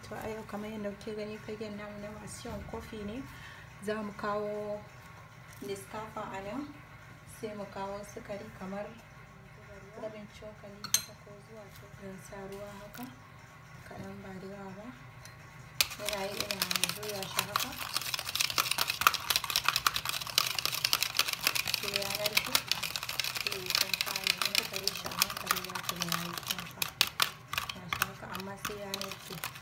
to a yau kamar yadda kuke gani fagen namu na masu yawan kofi ne za mu kawo discafa a nan sai mu kawo sukari kamar rabin cokali haka ko zuwa cokalin sa ruwa haka kaɗan ba da yawa ba yana yi ina juya shi haka sai you. sai ya ya amma sai